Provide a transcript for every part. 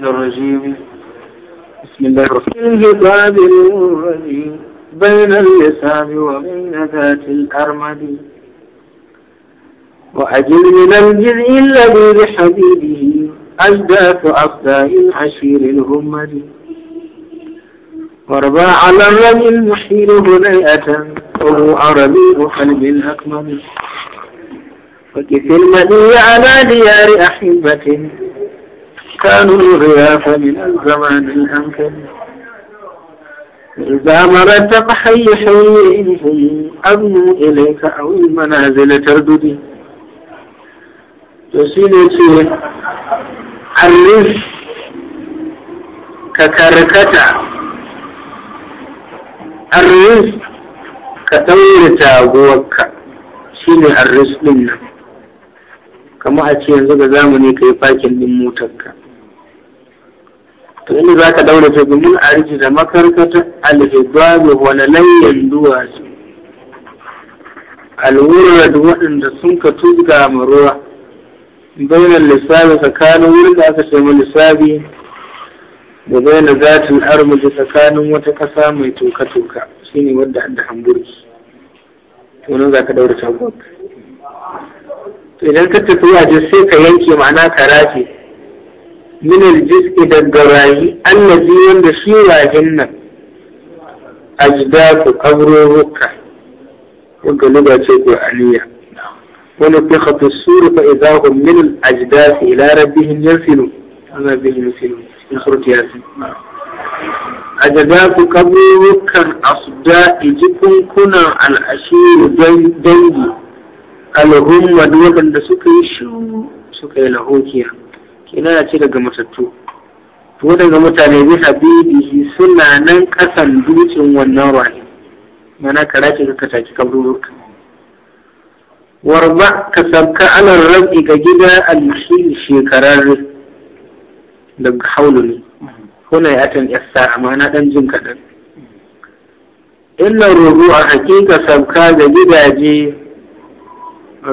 الرجيم بسم الله الرحمن الرحيم بين اليسام وبين ذات الأرمد وأجل من الجزء الذي بحبيبه أجداث أصداء عشير الهمد واربى على الرمي المحيل هنيئة وهو عربي قلب الأكمل وكف المدي على ديار أحبة كانوا الغياف من الزمان الأمكن إذا مرت فحي حيهم أبنوا إليك أو المنازل ترددي تسيني ألف allif ka karkata arris ka ɗaure taguwarka kamar a ce yanzu ga zamani ka yi fakin din motarka tun inda za ka daura ta a arji da makarkata alhibabu wani layyan duwatsu alwurar waɗanda sun ka tuzga ma ruwa bainan lissafi tsakanin wurin da aka ce lissafi da bayan zatin armuji tsakanin wata ƙasa mai toka-toka shine wadda hamburgi za ka daura ta idan ka tafi waje sai ka yanke ma'ana ka rafe min jiski daga rayi allazi wanda shi rahin nan ajdaku kabruruka wanda ba ce Aliya. wani fi khafi suri fa idahum min al-ajdasi ila rabbihim yansilu ana bihi yansilu cikin surati yasin su kaburukan ijikun kunan al'ashiru dangi alhumma da suka yi shiru suka yi lahokiya kina ya ce daga matattu to daga mutane bi habibihi suna nan kasan dutsen wannan rahi mana kara ce ka taki kabururka warba ka sabka alar rabi ga gida alhil shekarar daga haulu ne kuna ya atan yassa amma na dan jin kaɗan. illa a hakika sabka ga gidaje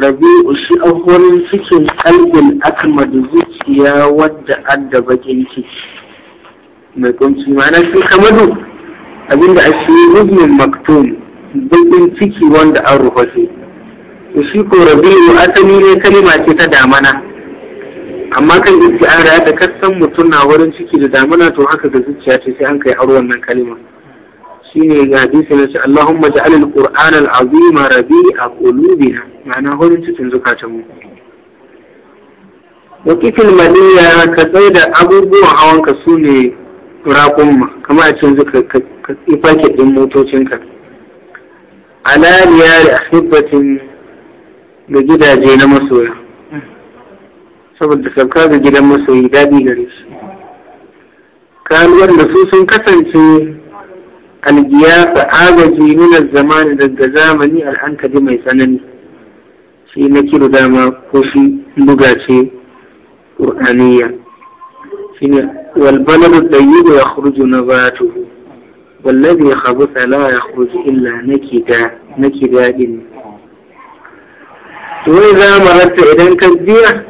rabi'u shi a wurin cikin kalbin akmad zuciya wadda adda bakin ciki mai kunci mana shi kamadu abinda a shi rubin maktum bakin ciki wanda an rufe to shi ko rabi'u asali ne kalima ce ta damana amma kan isti'ara da kasan mutum na wurin ciki da damana to haka ga zuciya ce sai an kai aro wannan kalimar shine ga hadisi na ce Allahumma ja'al al-Qur'an al-azim rabi'a qulubina ma'ana hurin cikin zukatanmu wa kifil maliya ka tsaye da abubuwan hawanka su ne raƙumma kamar a cikin zuka ka faket ɗin motocinka alaliya da ahibbatin ga gidaje na masoya saboda sauka ga gidan masoyi daɗi gare shi kaluwar da su sun kasance الجياء أعجزي من الزمان للجزامني الآن كدما يسنن في نكير داما كوشي لغاتي قرآنية والبلد الضيق يخرج نباته والذي خبث لا يخرج إلا نكدا نكدا إن وإذا مرت إلى الكذية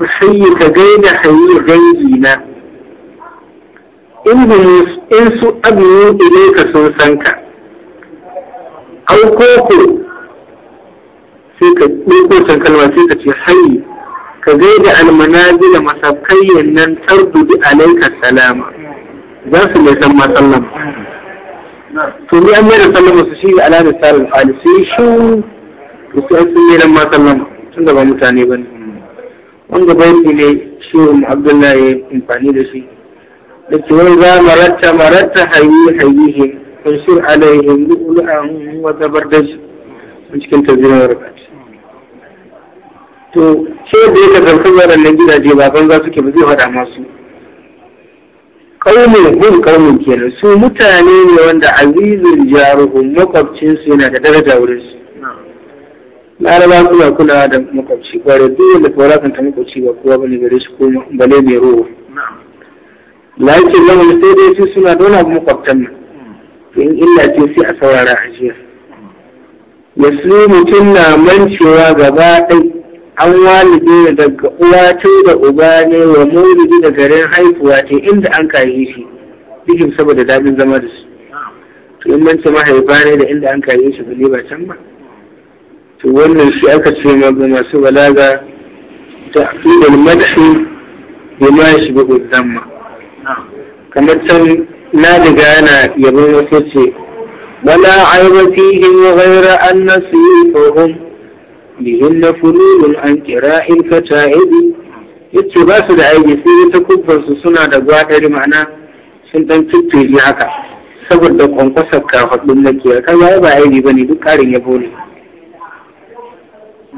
فحيك جيد حيي جيدنا in su abinu ilaika sun san ka auko koko sai ka ɗauko can kalma sai ka ce hayi ka gaida da masafkayyan nan tardudu alaika salama za su mai san ma sallama to ni an da sallama su shi ne ala da tsarin fali sai shi su an sun yi ma sallama tun da ba mutane ba ne wanda bayan ne shi abdullahi amfani da shi لكي وإذا مرت مرت حيي حييهم وانشر عليهم لؤلؤا وزبردج cikin tazirin rubat to ce da ya kasance waɗannan gidaje ba banza suke ba zai faɗa masu kaumin hun kaumin kenan su mutane ne wanda azizul jaruhum makwabcinsu yana da daraja wurinsu laraba suna kulawa da makwabci kwarai duk wanda kawai rakanta makwabci ba kowa bane gare shi ko bale mai ruwa zama lahum sai dai su suna da wani abu makwabtan nan in illa ce sai a saurara a jiya yasu mutum na mancewa gaba ɗai an walide daga uwa ce da uba ne wa maulidi da garin haifuwa ce inda an kayi shi bikin saboda daɗin zama da su to in mance mahaifa ne da inda an kayi shi bale ba can ba to wannan shi aka ce ma ga masu balaga ta fi da madashi ya ma shi bi kamar can na daga yana yabon wata ce wala aibatihim ghaira an nasifuhum bihinna fululun an qira'il fataidi yace ba su da aiki sai ta kubban suna da gwadari ma'ana sun dan tuttuji haka saboda kwankwasar kafaɗin na ke kan ya ba aiki ba ne duk ƙarin yabo ne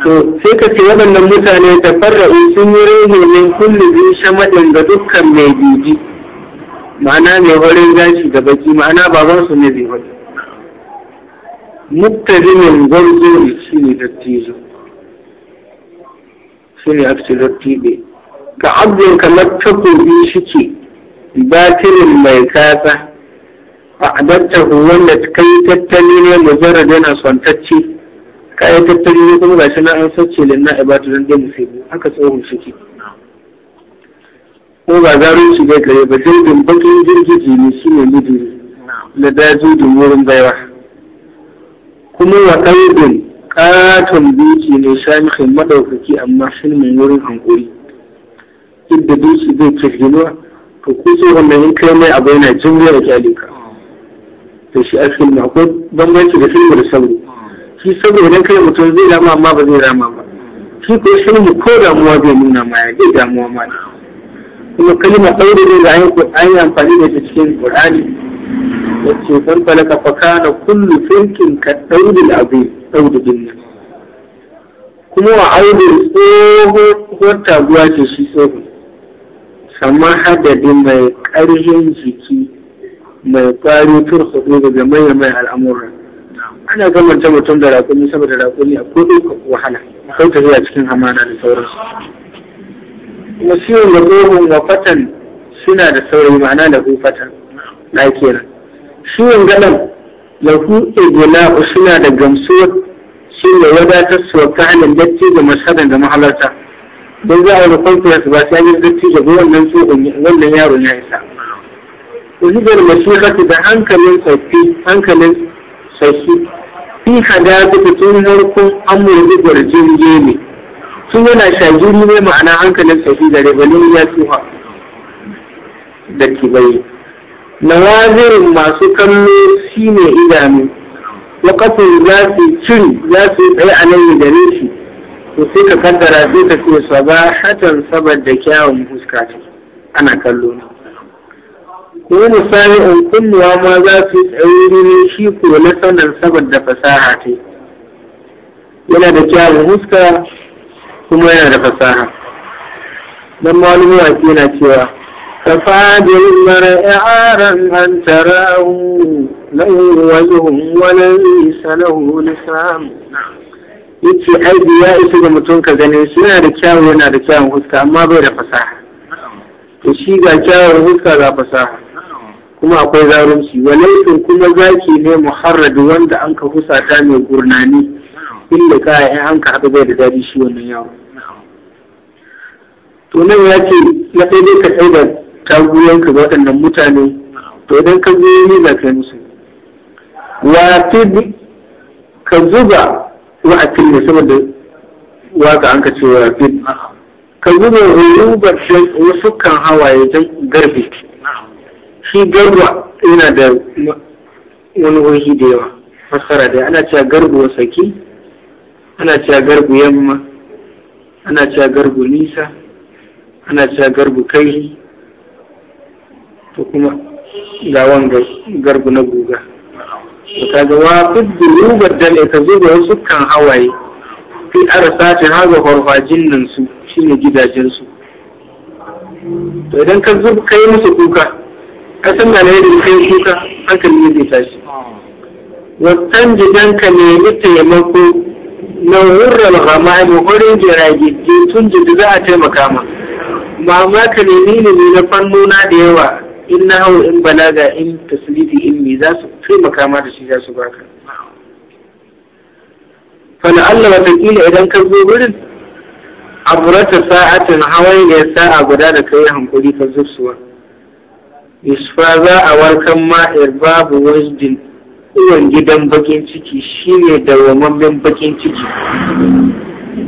to sai ka ce waɗannan mutane da farra'u sun yi rehe ne kullu bi shamadin ga dukkan mai bibi ma'ana mai horin gashi da baki ma'ana baban su ne zai horin muttazimin ne shi ne dattijo shi ne aka ce dattibe ka abdin kamar shi ke Batirin mai kasa a adattahu wanda kai tattali ne mujarrad yana swantacce kayan tattali ne kuma gashi na an sace lina na ibatu don dai haka tsohon shi ke ko ba zaro shi bai kare ba jirgin bakin jirgiji ne shi ne mijini da daji da wurin baiwa kuma wa ɗaudin ƙaton biki ne shamikin maɗaukaki amma ne wurin hankuri inda duki zai kirginuwa to kusa wanda in kai mai abu yana jimriya da kyalika da shi a filmi akwai bambanci da filmi da sauro shi sauro idan kai mutum zai rama amma ba zai rama ba shi ko ne ko damuwa zai nuna ma ya zai damuwa ma kuma kalima ɗaure da an yi amfani da cikin ƙur'ani wacce ban falaka kullu firkin ka ɗaure da abu ɗaure din nan kuma wa aure tsohon taguwa ce shi tsohon, sama hadadi mai ƙarfin jiki mai ƙwari turhudu daga manya mai al'amuran ana gamanta mutum da rakuni saboda rakuni a kodin wahala akwai tafiya cikin hamana da sauransu musiru da gohun wa fatan suna da saurayi ma'ana da fatan na kenan shi wangalan lahu igula suna da gamsuwar shi ne wadatar su ta kanin datti da mashadan da mahalarta don za a ya su ba sai yin datti da wannan tsohon wannan yaro ya isa uzibar mashiƙatu da hankalin sauki hankalin sauki fi hada da tun harkun da jirgin ne sun yana shagiri ne ma'ana hankalin safi da rebalin ya tuha da kibai nawazirin masu kallo shi ne idanu wakafin za su cin za su tsaye a nan da shi to sai ka kaddara sai ka ce saboda kyawun fuska ana kallo na ko misali in kunnuwa ma za su tsaye ne shi ko na sanar saboda fasaha ce yana da kyawun fuska kuma yana da fasaha dan malumi a yana cewa kafa bil mar'aran an tarahu la yuwazuhum wa la yusalahu lisam yace ai ya isa ga mutum ka gane shi yana da kyawu yana da kyawun huska amma bai da fasaha to shi ga kyawun huska ga fasaha kuma akwai zarumci walakin kuma zaki ne muharrad wanda an ka husata mai gurnani in ka yi an ka haɗu bai da daɗi shi wannan yaro. to nan ya ce na ɗaya dai ka ɗau da taguyanka ga waɗannan mutane to idan ka zo ni za ka yi musu watid ka zuba wa'atin ne saboda waka an ka ce fit. ka zuba rubar wasu kan hawaye don garbi shi garba yana da wani wani da yawa fassara da ana cewa garbu wasaki ana cewa garbu yamma ana cewa garbu nisa ana cewa garbu kai to kuma ga wanga garbu na guga to kaga wa fiddu rubar dal ka zo da wasu kan hawaye fi ta haga farfajin nan su shine gidajen su to idan ka zo kai musu kuka ka san da ne kai kuka hankali ne zai tashi ah. wasan jidan ka ya mako? laurar hamani wurin jirage tun jirgi za a taimaka ma mamaka ne ni ne na fannona da yawa in na hau in balaga in tasiriti in mi za su taimaka ma da shi za su baka fana Allah kila idan ka zo wurin aburata sa'atin hawan ya sa'a guda da kai hankuri ka zuwa yusufa za a warkan ma'ir babu wajdin uwan gidan bakin ciki shine dawamammen bakin ciki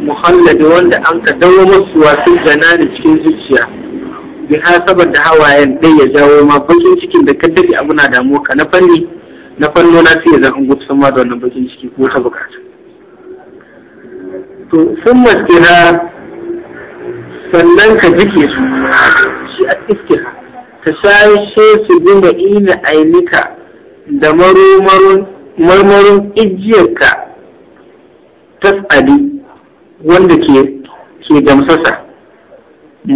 muhallabi wanda an ka dawo masu wasu jana da cikin zuciya bi ha saboda hawayen dai ya jawo ma bakin cikin da ka dafi abu na damuwa ka na fanni na fanno na sai zan an gutu ma da wannan bakin ciki ko ta bukata to sun maskira sannan ka jike su shi a iskira ka shayar su dinga ina ainika da marmarin ta tsadi wanda ke ke gamsasa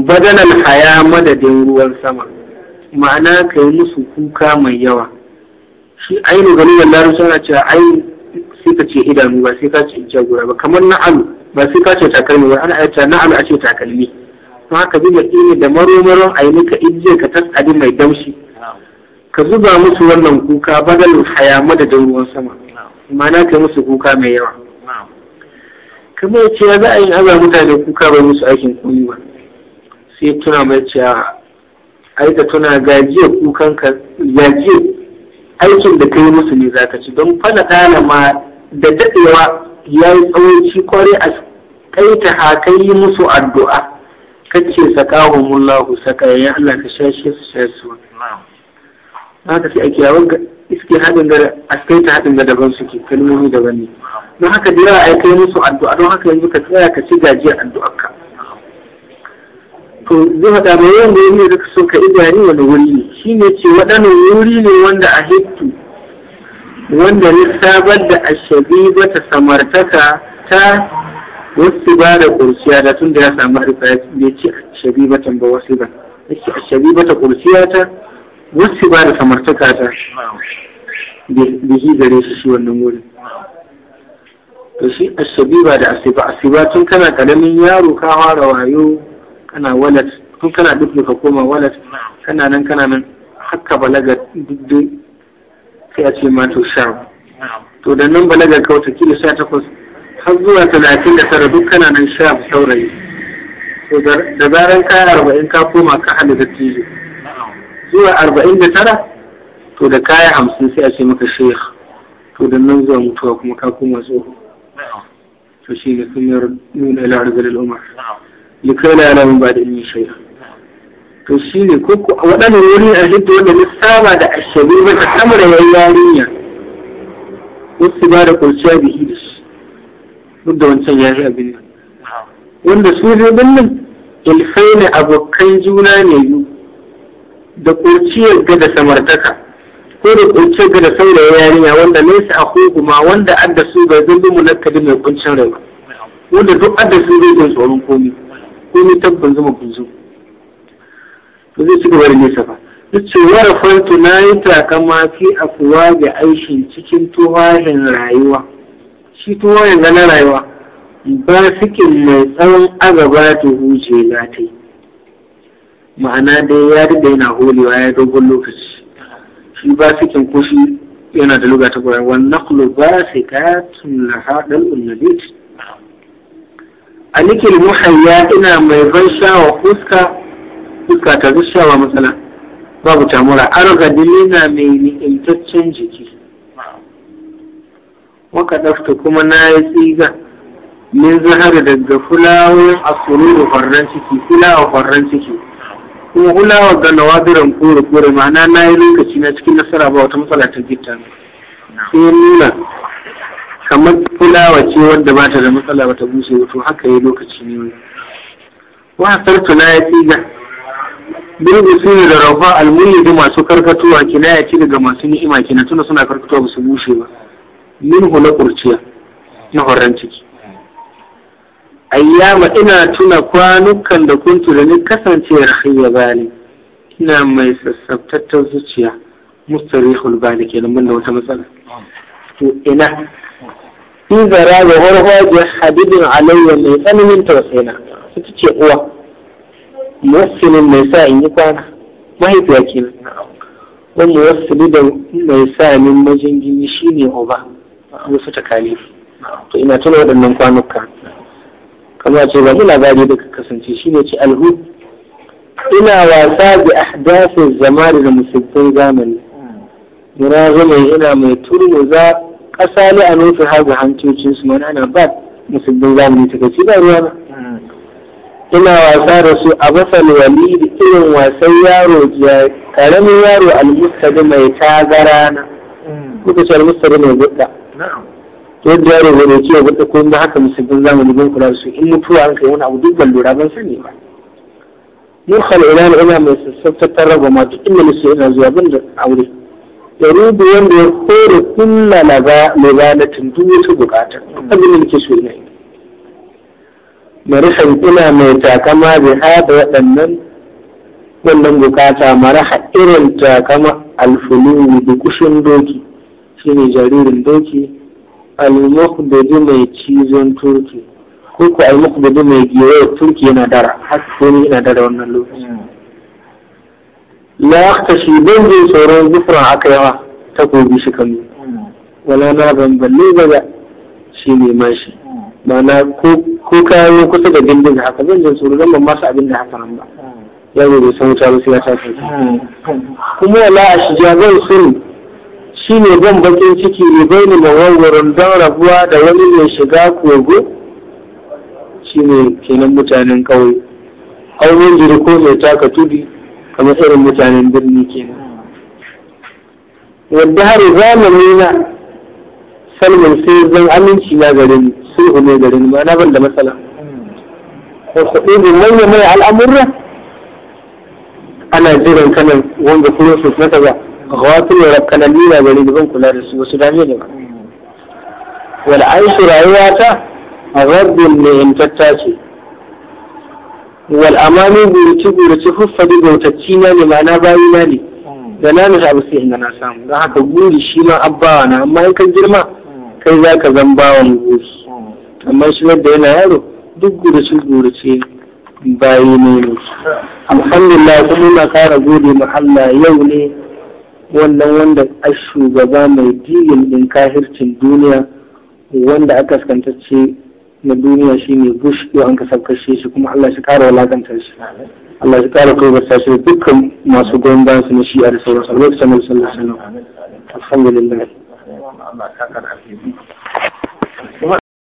badalar haya madadin ruwan sama ma'ana ka yi musu kuka mai yawa shi ainihin gani da larabci ana cewa ai sai ka ce idanu ba sai ka ce jagora ba kamar na'alu ba sai ka ce takalmi ba ana aita na'alu a ce takalmi don haka bi da da maromaron a yi maka ijiyar ka tsadi mai damshi ka zuba musu wannan kuka bagal haya madadin ruwan sama ma'ana ka musu kuka mai yawa kamar ce ya za a yi aza mutane kuka bai musu aikin koyi ba sai tuna mai cewa aika tuna gajiya kukan ka gajiya aikin da ka yi musu ne za ka ci don fana ɗana ma da daɗewa ya yi tsawonci kwarai a kaita haka yi musu addu'a kace sakahumullahu sakayya Allah ka shashe su shashe su haka sai a kiyawar iske haɗin da askaita haɗin da daban suke kalmomi daban ne don haka da yawa a kai musu addu'a don haka yanzu ka tsaya ka ci gajiyar addu'arka to zai haɗa mai yawan da yanzu ka so ka idani wani wuri ne shi ne ce waɗannan wuri ne wanda a hittu wanda ne sabar da ashabi bata samartaka ta wasu ba da kurciya da tun da ya samu harfa ya ce ashabi bata ba wasu ba ashabi bata kurciya ta wacce ba da samartaka ta da shi gare shi shi wannan wurin to shi ba da asiba asiba tun kana karamin yaro ka fara wayo kana walat tun kana duk ka koma walat kana nan kana nan hakka balaga duk sai a ce ma to sha to da nan balaga ka wata kila sha takwas har zuwa talatin da tara duk kana nan sha saurayi to da zaran ka arba'in ka koma ka halitta tijo zuwa arba'in da tara to da kaya hamsin sai a ce maka sheikh to da nan zuwa mutuwa kuma ka koma tsoho to shi ga kamar nuna al'arzar al'umar likai da yana ba da ilmi shai'a to shi ne ko waɗannan wuri a hidda wanda na saba da ashabi ba ta sama da yayi yarinya wasu ba da kurciya da idis duk da wancan ya yi abin nan wanda su ne nan ilfai ne abokan juna ne biyu da kurciyar ga da samartaka ko da kurciyar ga da saurayi yarinya wanda nesa a hukuma wanda an da su bai zumbi munakkabi mai kuncin rai wanda duk an da su zai jin tsoron komi komi tabbin zama kunzu ba zai ci gaba da nesa ba duk ce warafantu na yi takama fi kuwa da aishin cikin tuwahin rayuwa shi tuhahin na rayuwa ba sikin mai tsawon agaba ta huce na ta yi ma'ana dai ya duk yana holewa ya dogon lokaci shi ba sikin kushi yana da luga ta kwaye wani naklu ba sai ka tunla haɗar ulnabit a nikil muhayya ina mai ban shawa fuska fuska ta rushawa matsala babu tamura arga dilina mai ni'imtaccen jiki waka ɗafta kuma na yi tsiga min zahar daga fulawar asuru da farran ciki fulawa farran ciki kuma hulawa ga nawadiran kore kore ma'ana na yi lokaci na cikin nasara ba wata matsala ta gita sai nuna kamar kulawa ce wanda ba ta da matsala ba ta bushe wato haka yi lokaci ne wa sartu na ya tsiga birgu sun da rafa almuni da masu karkatuwa kina ya ci daga masu ni'ima kina tuna suna karkatuwa ba su bushe ba min hula kurciya na horon ciki ayyama ina tuna kwanukan da kuntu da ni kasance rahiya bani ina mai sassabtattar zuciya mustarihul bani ke nan da wata matsala to ina fi zara ga warhajiyar habibin alayya mai tsananin tausayina ita ce uwa muwassinin mai sa in yi kwana mahaifiya kenan wani muwassili da mai sa min majingini shine uba wasu takalifi to ina tuna waɗannan kwanuka Allah ce ba labari da ka kasance shi ne ce alhu ina wasa da ahdasin zamani da musulmin zamani muragulai ina mai turmuza ƙasa ne a nufin hagu hancocin su mana ana ba musulmin zamani ta gaci ba ruwa ba ina wasa da su a masal walidi irin wasan yaro karamin yaro almustadi mai tagara na kuka hmm. ce almustadi mai gudda yadda yaro ne ce ya gudu kun da haka musulmin zamani bin kula da su in mutuwa an kai wani abu duk ban lura ban sani ba mun khalila ne ina mai sassaftar ragwama duk inda musu yana zuwa ban da aure ya rubu wanda ya kore kulla lagalatin duk wata bukata abin da nake so ina yi marashan ina mai takama bai haɗa waɗannan wannan bukata maraha irin takama alfulu da kushin doki shine jaririn doki al-muqdadi mai cizon turki ko ko al-muqdadi mai giwaye turki yana dara har sai yana dara wannan lokaci hmm. la yaqtashi ban jin tsoron zufran aka yawa takobi shi kallo hmm. wala na ban balle ba shi ne mashi hmm. ma'ana ko kayo kusa da dindin haka zan jin tsoro zan ban masa abin da haka nan ba yaro bai san wuta ba sai ya sa kuma wala a shi zan sani shi ne gon bakin ciki ne bai ne mawawarin don rabuwa da wani mai shiga kogo shi ne kenan mutanen kawai auren jiri ko mai taka tudi kamar irin mutanen birni kenan wadda har zamani na salmin sai zan aminci na garin sulhu ne garin ma na ban da matsala ko kuɗi ne manya mai al'amurra ana jiran kanan wanda kuma su na غافل rakkanani na gari da zan kula da su wasu dame ne ba wal ta? A ghardun ne in tattace wal amani gurci gurci huffadi gautacci na ne ma'ana bayi na ne da na nufi abu sai na samu don haka guri shi ma abbawa na amma in ka girma kai za ka zan bawan guri amma shi da yana yaro duk gurci gurci bayi ne ne alhamdulillah kuma na kara gode mu Allah yau ne wannan wanda a shugaba mai digin din kahircin duniya wanda aka skantacce na duniya shi ne bush yau an kashe shi kuma Allah shi kara walakanta shi Allah shi kara kai shi dukkan masu goyon bayan su na shi'a da sauran su alaihi sallallahu alaihi wasallam alhamdulillah